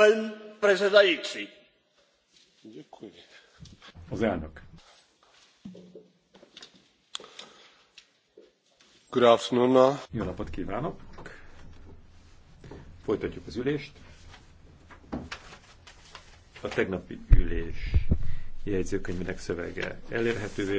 pan Az elnök. Jó napot kívánok! Folytatjuk az ülést. A tegnapi ülés jegyzőkönyvének szövege elérhetővé